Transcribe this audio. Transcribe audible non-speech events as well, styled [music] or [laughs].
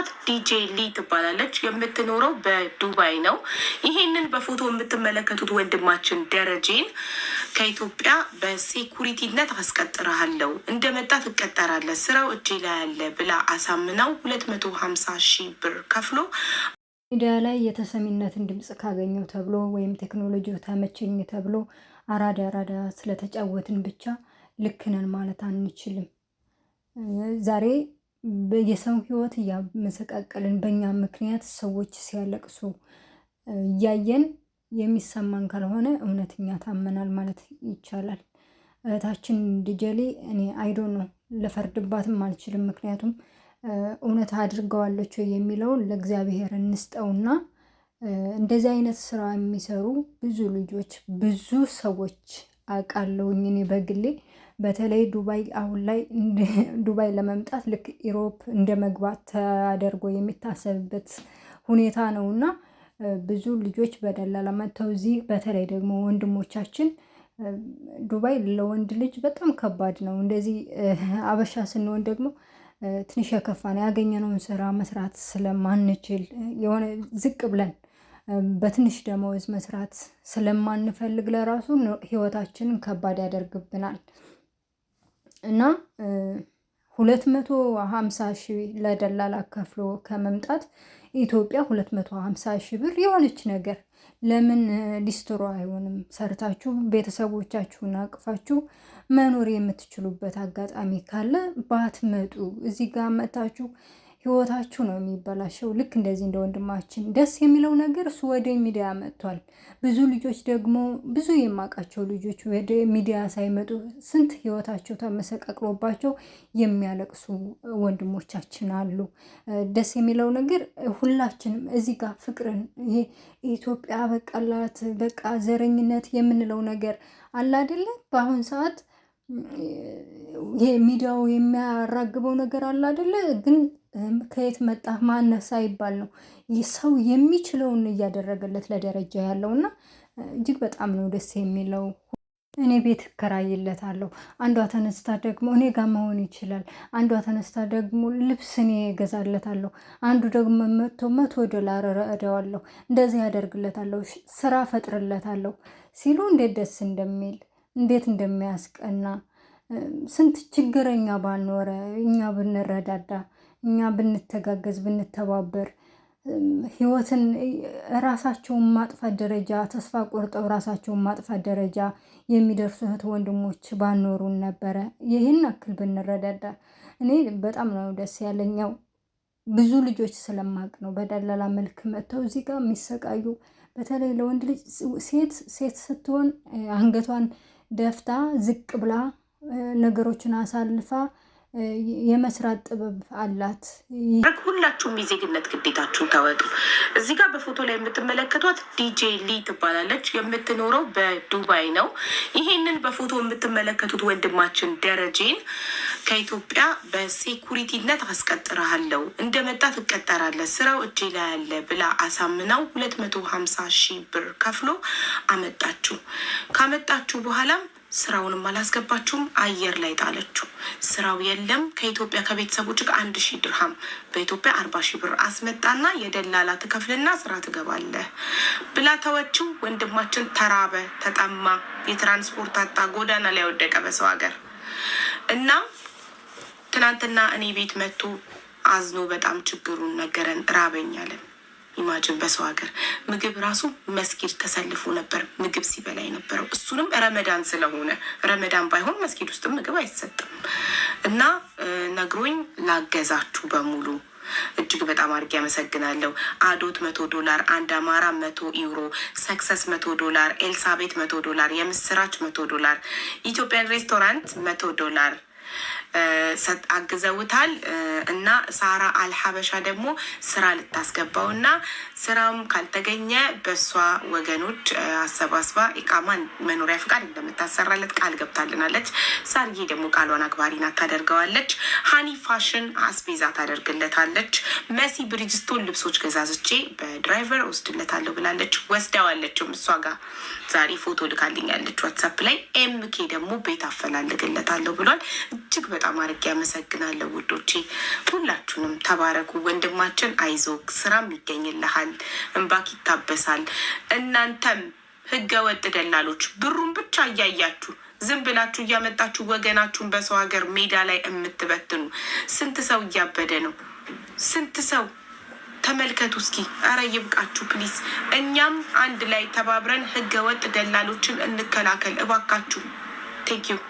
ናት። ዲጄ ሊ ትባላለች። የምትኖረው በዱባይ ነው። ይሄንን በፎቶ የምትመለከቱት ወንድማችን ደረጄን ከኢትዮጵያ በሴኩሪቲነት አስቀጥረሃለው፣ እንደመጣ ትቀጠራለህ፣ ስራው እጄ ላይ ያለ ብላ አሳምነው ሁለት መቶ ሀምሳ ሺህ ብር ከፍሎ ሚዲያ ላይ የተሰሚነትን ድምፅ ካገኘው ተብሎ ወይም ቴክኖሎጂ ተመቸኝ ተብሎ አራዳ አራዳ ስለተጫወትን ብቻ ልክነን ማለት አንችልም። ዛሬ የሰው ህይወት እያመሰቃቀልን በእኛ ምክንያት ሰዎች ሲያለቅሱ እያየን የሚሰማን ካልሆነ እውነትኛ ታመናል ማለት ይቻላል። እህታችን ዲጀሌ እኔ አይዶ ነው ልፈርድባትም አልችልም። ምክንያቱም እውነት አድርገዋለች የሚለውን ለእግዚአብሔር እንስጠውና እንደዚህ አይነት ስራ የሚሰሩ ብዙ ልጆች ብዙ ሰዎች አውቃለሁኝ እኔ በግሌ በተለይ ዱባይ አሁን ላይ [laughs] ዱባይ ለመምጣት ልክ ኢሮፕ እንደ መግባት ተደርጎ የሚታሰብበት ሁኔታ ነው እና ብዙ ልጆች በደላላ መጥተው እዚህ በተለይ ደግሞ ወንድሞቻችን ዱባይ ለወንድ ልጅ በጣም ከባድ ነው። እንደዚህ [laughs] አበሻ ስንሆን ደግሞ ትንሽ የከፋ ነው። ያገኘነውን ስራ መስራት ስለማንችል የሆነ ዝቅ ብለን በትንሽ ደመወዝ መስራት ስለማንፈልግ ለራሱ ህይወታችንን ከባድ ያደርግብናል። እና ሁለት መቶ ሀምሳ ሺ ለደላላ ከፍሎ ከመምጣት ኢትዮጵያ ሁለት መቶ ሀምሳ ሺ ብር የሆነች ነገር ለምን ሊስትሮ አይሆንም? ሰርታችሁ ቤተሰቦቻችሁን አቅፋችሁ መኖር የምትችሉበት አጋጣሚ ካለ ባትመጡ እዚህ ጋር መታችሁ ህይወታችሁ ነው የሚበላሸው። ልክ እንደዚህ እንደ ወንድማችን ደስ የሚለው ነገር እሱ ወደ ሚዲያ መጥቷል። ብዙ ልጆች ደግሞ ብዙ የማውቃቸው ልጆች ወደ ሚዲያ ሳይመጡ ስንት ህይወታቸው ተመሰቃቅሎባቸው የሚያለቅሱ ወንድሞቻችን አሉ። ደስ የሚለው ነገር ሁላችንም እዚህ ጋር ፍቅርን ይሄ ኢትዮጵያ በቃላት በቃ ዘረኝነት የምንለው ነገር አለ አይደለ በአሁን ሰዓት ሚዲያው የሚያራግበው ነገር አለ አደለ? ግን ከየት መጣ ማነሳ ሳይባል ነው ሰው የሚችለውን እያደረገለት ለደረጃ ያለውና እጅግ በጣም ነው ደስ የሚለው። እኔ ቤት እከራይለታለሁ። አንዷ ተነስታ ደግሞ እኔ ጋር መሆን ይችላል። አንዷ ተነስታ ደግሞ ልብስ እኔ እገዛለታለሁ። አንዱ ደግሞ መቶ መቶ ዶላር እረዳዋለሁ፣ እንደዚህ ያደርግለታለሁ፣ ስራ ፈጥርለታለሁ ሲሉ እንዴት ደስ እንደሚል እንዴት እንደሚያስቀና ስንት ችግረኛ ባልኖረ እኛ ብንረዳዳ፣ እኛ ብንተጋገዝ፣ ብንተባበር ህይወትን ራሳቸውን ማጥፋት ደረጃ ተስፋ ቆርጠው ራሳቸውን ማጥፋት ደረጃ የሚደርሱ እህት ወንድሞች ባኖሩን ነበረ። ይህን አክል ብንረዳዳ እኔ በጣም ነው ደስ ያለኛው። ብዙ ልጆች ስለማቅ ነው በደላላ መልክ መጥተው እዚህ ጋር የሚሰቃዩ በተለይ ለወንድ ልጅ ሴት ሴት ስትሆን አንገቷን ደፍታ ዝቅ ብላ ነገሮችን አሳልፋ የመስራት ጥበብ አላት። ሁላችሁም የዜግነት ግዴታችሁን ተወጡ። እዚህ ጋር በፎቶ ላይ የምትመለከቷት ዲጄ ሊ ትባላለች። የምትኖረው በዱባይ ነው። ይሄንን በፎቶ የምትመለከቱት ወንድማችን ደረጄን ከኢትዮጵያ በሴኩሪቲነት አስቀጥረሃለው፣ እንደመጣ ትቀጠራለህ፣ ስራው እጄ ላይ ያለ ብላ አሳምናው ሁለት መቶ ሀምሳ ሺህ ብር ከፍሎ አመጣችሁ። ካመጣችሁ በኋላም ስራውንም አላስገባችሁም አየር ላይ ጣለችው። ስራው የለም። ከኢትዮጵያ ከቤተሰቦች ጋር አንድ ሺህ ድርሃም በኢትዮጵያ አርባ ሺህ ብር አስመጣና የደላላ ትከፍልና ስራ ትገባለህ ብላ ተወችው። ወንድማችን ተራበ፣ ተጠማ፣ የትራንስፖርት አጣ፣ ጎዳና ላይ ወደቀ በሰው ሀገር እና ትናንትና እኔ ቤት መጥቶ አዝኖ በጣም ችግሩን ነገረን። ራበኛለን ኢማጅን በሰው ሀገር ምግብ ራሱ መስጊድ ተሰልፎ ነበር ምግብ ሲበላ የነበረው እሱንም ረመዳን ስለሆነ ረመዳን ባይሆን መስጊድ ውስጥ ምግብ አይሰጥም። እና ነግሮኝ ላገዛችሁ በሙሉ እጅግ በጣም አድርጌ አመሰግናለሁ። አዶት መቶ ዶላር፣ አንድ አማራ መቶ ዩሮ፣ ሰክሰስ መቶ ዶላር፣ ኤልሳቤት መቶ ዶላር፣ የምስራች መቶ ዶላር፣ ኢትዮጵያን ሬስቶራንት መቶ ዶላር አግዘውታል እና ሳራ አልሀበሻ ደግሞ ስራ ልታስገባው እና ስራም ካልተገኘ በእሷ ወገኖች አሰባስባ ኢቃማ መኖሪያ ፍቃድ እንደምታሰራለት ቃል ገብታልናለች። ሳርዬ ደግሞ ቃሏን አክባሪና ታደርገዋለች። ሀኒ ፋሽን አስቤዛ ታደርግለታለች። መሲ ብሪጅስቶን ልብሶች ገዛዝቼ በድራይቨር ወስድለታለሁ ብላለች። ወስደዋለችም እሷ ጋር ዛሬ ፎቶ ልካልኛለች ዋትሳፕ ላይ። ኤምኬ ደግሞ ቤት አፈላልግለታለሁ ብሏል እጅግ በ በጣም አድርጌ አመሰግናለሁ ውዶቼ፣ ሁላችሁንም ተባረኩ። ወንድማችን አይዞክ፣ ስራም ይገኝልሃል፣ እንባክ ይታበሳል። እናንተም ህገ ወጥ ደላሎች ብሩን ብቻ እያያችሁ ዝም ብላችሁ እያመጣችሁ ወገናችሁን በሰው ሀገር ሜዳ ላይ የምትበትኑ ስንት ሰው እያበደ ነው? ስንት ሰው ተመልከቱ እስኪ። አረ ይብቃችሁ ፕሊስ። እኛም አንድ ላይ ተባብረን ህገ ወጥ ደላሎችን እንከላከል እባካችሁ። ቴንኪዩ